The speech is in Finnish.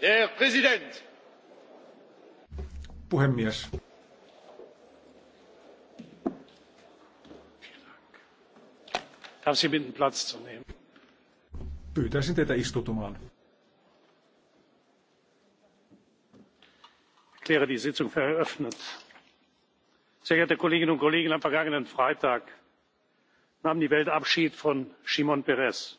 Der Puhemies. Pyytäisin teitä istutumaan. Sehr geehrte Kolleginnen und Kollegen, am vergangenen Freitag nahm die Welt Abschied von Shimon Peres